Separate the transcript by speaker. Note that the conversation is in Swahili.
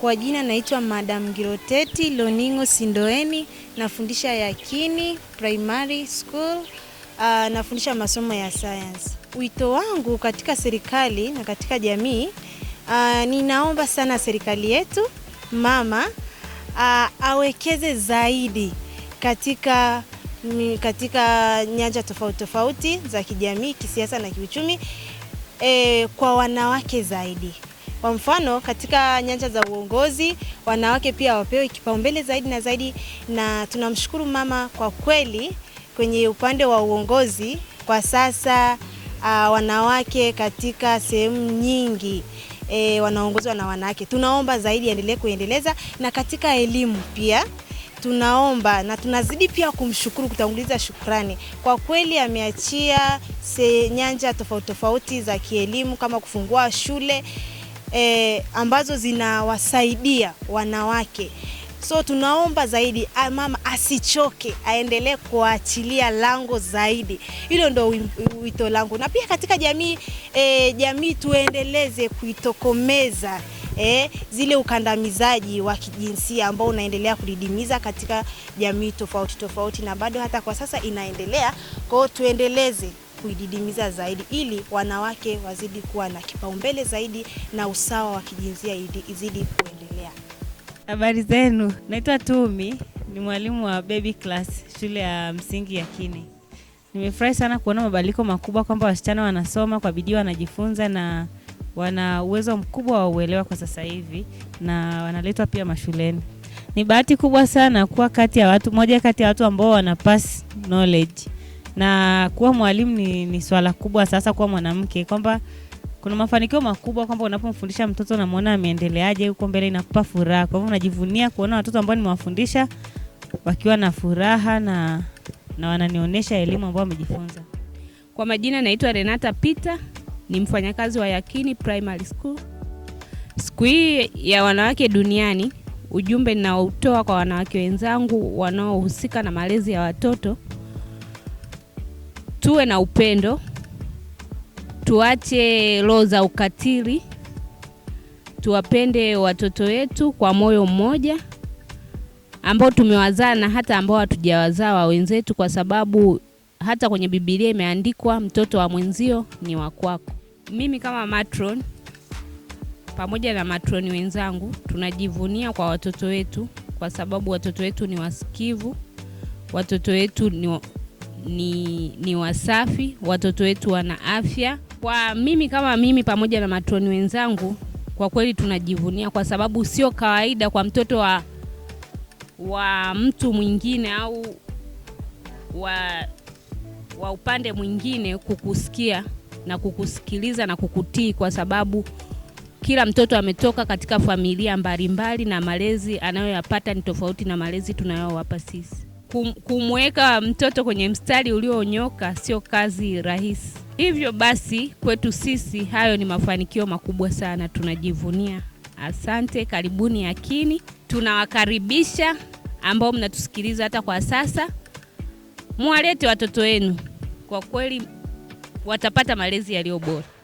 Speaker 1: Kwa jina naitwa Madam Giroteti Loningo Sindoeni, nafundisha Yakini Primary School. Uh, nafundisha masomo ya science. Wito wangu katika serikali na katika jamii uh, ninaomba sana serikali yetu mama uh, awekeze zaidi katika mm, katika nyanja tofauti tofauti za kijamii, kisiasa na kiuchumi eh, kwa wanawake zaidi. Kwa mfano katika nyanja za uongozi, wanawake pia wapewe kipaumbele zaidi na zaidi, na tunamshukuru mama kwa kweli kwenye upande wa uongozi kwa sasa uh, wanawake katika sehemu nyingi e, wanaongozwa na wanawake. Tunaomba zaidi endelee kuendeleza, na katika elimu pia tunaomba na tunazidi pia kumshukuru, kutanguliza shukrani kwa kweli. Ameachia nyanja tofauti tofauti za kielimu kama kufungua shule eh, ambazo zinawasaidia wanawake. So tunaomba zaidi ah, mama asichoke, aendelee kuachilia lango zaidi. Hilo ndo wito langu, na pia katika jamii eh, jamii tuendeleze kuitokomeza eh, zile ukandamizaji wa kijinsia ambao unaendelea kudidimiza katika jamii tofauti tofauti, na bado hata kwa sasa inaendelea. Kwa hiyo tuendeleze kuididimiza zaidi, ili wanawake wazidi kuwa na kipaumbele zaidi na usawa wa kijinsia izidi kuendelea.
Speaker 2: Habari zenu, naitwa Tumi, ni mwalimu wa baby class shule ya msingi ya Kini. Nimefurahi sana kuona mabadiliko makubwa kwamba wasichana wanasoma kwa bidii, wanajifunza na wana uwezo mkubwa wa uelewa kwa sasa hivi na wanaletwa pia mashuleni. Ni bahati kubwa sana kuwa kati ya watu moja kati ya watu ambao wana pass knowledge na kuwa mwalimu ni, ni swala kubwa sasa kuwa mwanamke kwamba kuna mafanikio makubwa kwamba unapomfundisha mtoto unamwona ameendeleaje huko mbele, inakupa furaha. Kwa hivyo unajivunia kuona watoto ambao nimewafundisha wakiwa na furaha na, na wananionyesha elimu ambayo wamejifunza.
Speaker 3: Kwa majina naitwa Renata Peter, ni mfanyakazi wa Yakini Primary School. Siku hii ya wanawake duniani, ujumbe ninaoutoa kwa wanawake wenzangu wanaohusika na malezi ya watoto tuwe na upendo, tuache roho za ukatili, tuwapende watoto wetu kwa moyo mmoja ambao tumewazaa na hata ambao hatujawazaa wa wenzetu, kwa sababu hata kwenye Biblia imeandikwa mtoto wa mwenzio ni wa kwako. Mimi kama matron pamoja na matroni wenzangu tunajivunia kwa watoto wetu, kwa sababu watoto wetu ni wasikivu, watoto wetu ni ni, ni wasafi, watoto wetu wana afya. Kwa mimi kama mimi pamoja na matroni wenzangu, kwa kweli tunajivunia, kwa sababu sio kawaida kwa mtoto wa, wa mtu mwingine au wa, wa upande mwingine kukusikia na kukusikiliza na kukutii, kwa sababu kila mtoto ametoka katika familia mbalimbali mbali, na malezi anayoyapata ni tofauti na malezi tunayowapa sisi kumweka mtoto kwenye mstari ulionyoka sio kazi rahisi. Hivyo basi, kwetu sisi hayo ni mafanikio makubwa sana, tunajivunia. Asante, karibuni Yakini. Tunawakaribisha ambao mnatusikiliza hata kwa sasa, mwalete watoto wenu, kwa kweli watapata malezi yaliyo bora.